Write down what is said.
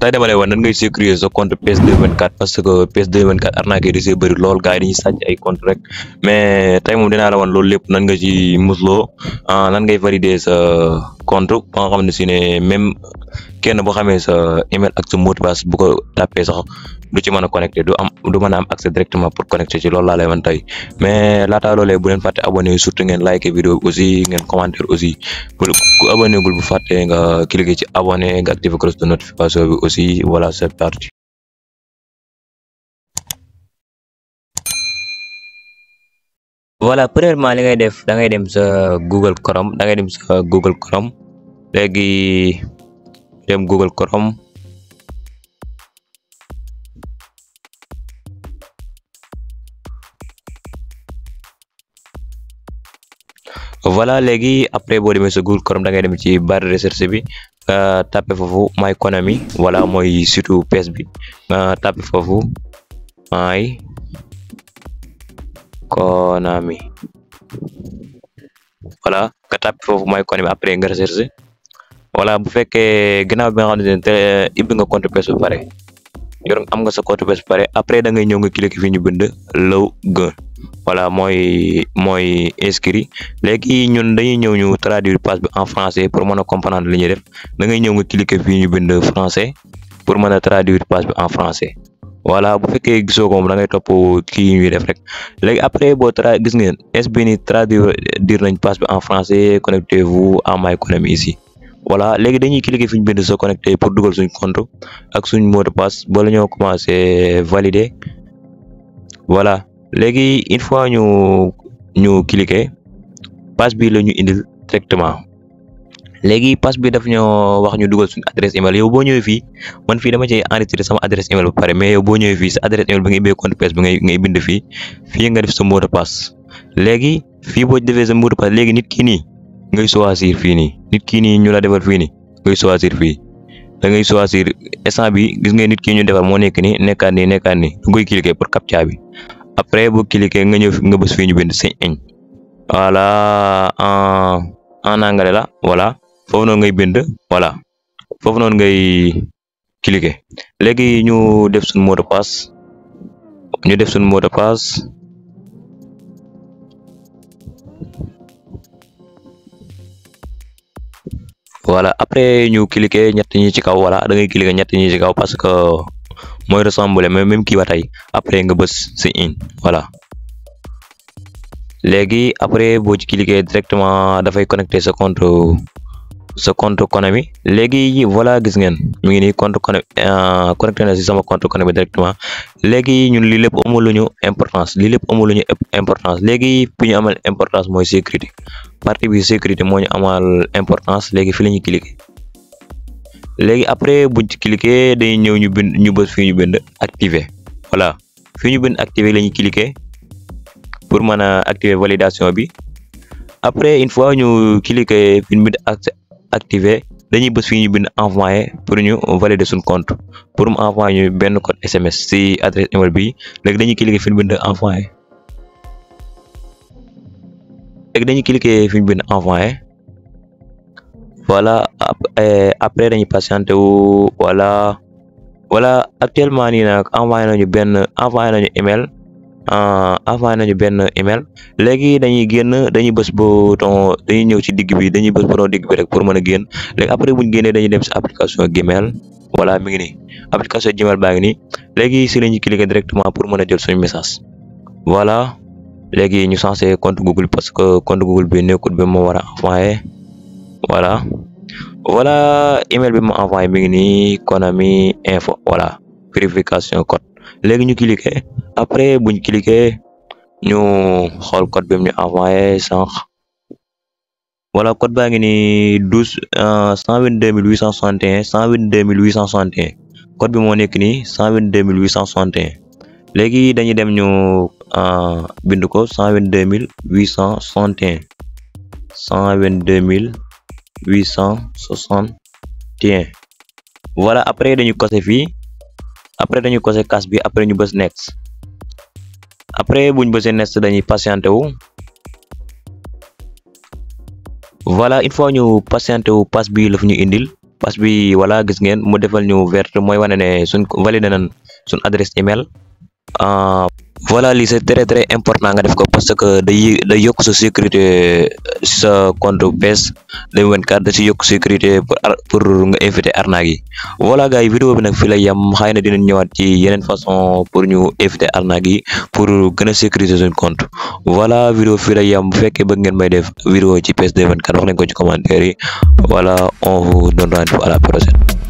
tey dama lay wax nan ngay sécuriser sa compte PS2 24 parce que PS2 24 arnaque yi da see bëri lool gars yi ay compte rek mais tey moom dinaa la wan loolu lépp nan nga ci musloo ah, nan ngay valider sa compte ba nga xam ne si ne même kenn boo xamee sa email ak sa mot de passe bu ko tapé sax du ci mën a connecté du am du mën am accès directement pour connecter ci loolu laa lay wan tey mais laataa loolee bu leen fàtte abonné surtout ngeen like vidéo bi aussi ngeen commentaire aussi pour ku abonné gul bu fàtte nga cliquer ci abonné nga activer cloche de notification aussi voilà c'est parti. voilà premièrement li ngay def da ngay dem sa Google Chrome da ngay dem sa Google Chrome léegi. dem Google Chrome voilà léegi après boo demee Google Chrome da ngay dem ci barre de recherche bi nga tapé foofu My Konami voilà mooy surtout pes bi nga tapé foofu My Konami voilà nga tapé foofu My Konami après nga recherche voilà bu fekkee ginnaaw bi nga xamante ne eh, nga compte pes bu pare yor am nga sa compte pes bu pare après da ngay ñëw nga cliquer fi ñu bind law gën voilà mooy mooy inscrit léegi ñun dañu ñëw ñu traduire page bi en français pour mën a comprendre li ñuy def da ngay ñëw nga cliquer fii ñu bind français pour mën a traduire page bi en français voilà bu fekkee gisoo ko moom da ngay topp kii ñuy def rek léegi après boo tra gis ngeen est bi ni traduire nañ page bi en français connectez-vous à My Economy ici voilà léegi dañuy cliquer fi ñu bind so connecter pour dugal suñ compte ak suñ mot de passe bala ñoo commencé valider voilà léegi une fois ñu ñu cliquer passe bi la ñu indil directement léegi passe bi daf ñoo wax ñu dugal suñu adresse email yow boo ñëwee fii man fii dama cay enregistré sama adresse email ba pare mais yow boo ñëwee fii sa adresse email bi ngay ubbee compte pes bi ngay bind fii fii nga def sa mot de passe léegi fii boo defee sa mot passe léegi nit ki nii ngay choisir fii nii nit kii nii ñu la defar fi ni ngay choisir fii da ngay choisir instant bi gis nga nit kii ñu defar moo nekk nii nekkaat nii nekkaat nii da ngay cliquer pour captcha bi après boo cliquer nga ñëw nga bës fii ñu bind seen eñ voilà en en anglais la voilà foofu noonu ngay bind voilà foofu noonu ngay cliquer léegi ñu def suñu mot de passe ñu def suñu mot de voilà après ñu cliquer ñett ñi ci kaw voilà da ngay cliquer ñett ñi ci kaw parce que mooy ressembler mais même ki ba après nga bës si in voilà léegi après boo ci cliquer directement dafay connecter sa compte sa compte Konami léegi voilà gis ngeen mi ngi nii compte Konami euh, connecté na si sama compte Konami directement léegi ñun lii lépp amul lu ñu importance lii lépp amul lu ñu importance léegi fi ñu amal importance mooy sécurité partie bi sécurité moo ñu amal importance léegi fi la ñuy cliquer léegi après buñ ci cliquer dañuy ñëw ñu bind ñu bës fii ñu bind activer voilà fii ñu bind activer la ñuy cliquer pour mën a activer validation bi après une ñu cliquer fi ñu activé dañuy bës fii ñu bind envoyé pour ñu valider suñ compte pour mu envoyé ñu benn code SMS si adresse email bi léegi dañuy cliquer fi ñu bind envoyé léegi dañuy cliquer fi ñu bind wala voilà eh, après dañuy patienté wu voilà voilà actuellement nii nag envoyé nañu benn envoyé nañu email avant euh, nañu benn email léegi dañuy génn dañuy bës bouton dañuy ñëw ci digg bi dañuy bës bouton rek pour mën a génn léegi après bu ñu génnee dañuy dem si application Gmail voilà mi ngi nii application Gmail baa ngi nii léegi la ñuy cliquer directement pour mën a jël suñu message voilà léegi ñu censé compte Google parce que compte Google bi nekkul bi moo war a envoyé voilà voilà email bi ma envoyé mi ngi nii Konami info voilà vérification code léegi ñu cliquer après buñ cliquer ñu xool code bi ñu envoyé sànq wala code baa ngi ni douze euh, cent vingt deux mille huit cent soixante et cent vingt deux mille huit cent soixante et un code bi moo nekk nii cent vingt deux mille huit cent soixante dañuy dem ñu bind ko cent vingt deux mille huit cent soixante et un euh, deux mille huit cent soixante et un après dañu kose fii après dañu kose kas bi après ñu bës next après buñ bësee next dañuy patienté wu voilà une fois ñu wu pass bi la fi ñu indil pass bi voilà gis ngeen mu defal ñu verte mooy wane ne suñ validé nañ suñ adresse email euh, voilà lii c'est très important nga def ko parce que day day yokk sa sécurité euh, sa compte PES 2024 da si yokk sécurité pour pour nga éviter arna yi voilà gars yi vidéo bi nag fii lay yam xëy na dinañ ñëwaat ci yeneen façon pour ñu éviter arnaque yi pour gën a sécuriser suñ compte voilà vidéo fii lay yam bu fekkee bëgg ngeen may def vidéo ci PES 2024 wax leen ko ci commentaire yi voilà on vous donne rendez-vous la prochaine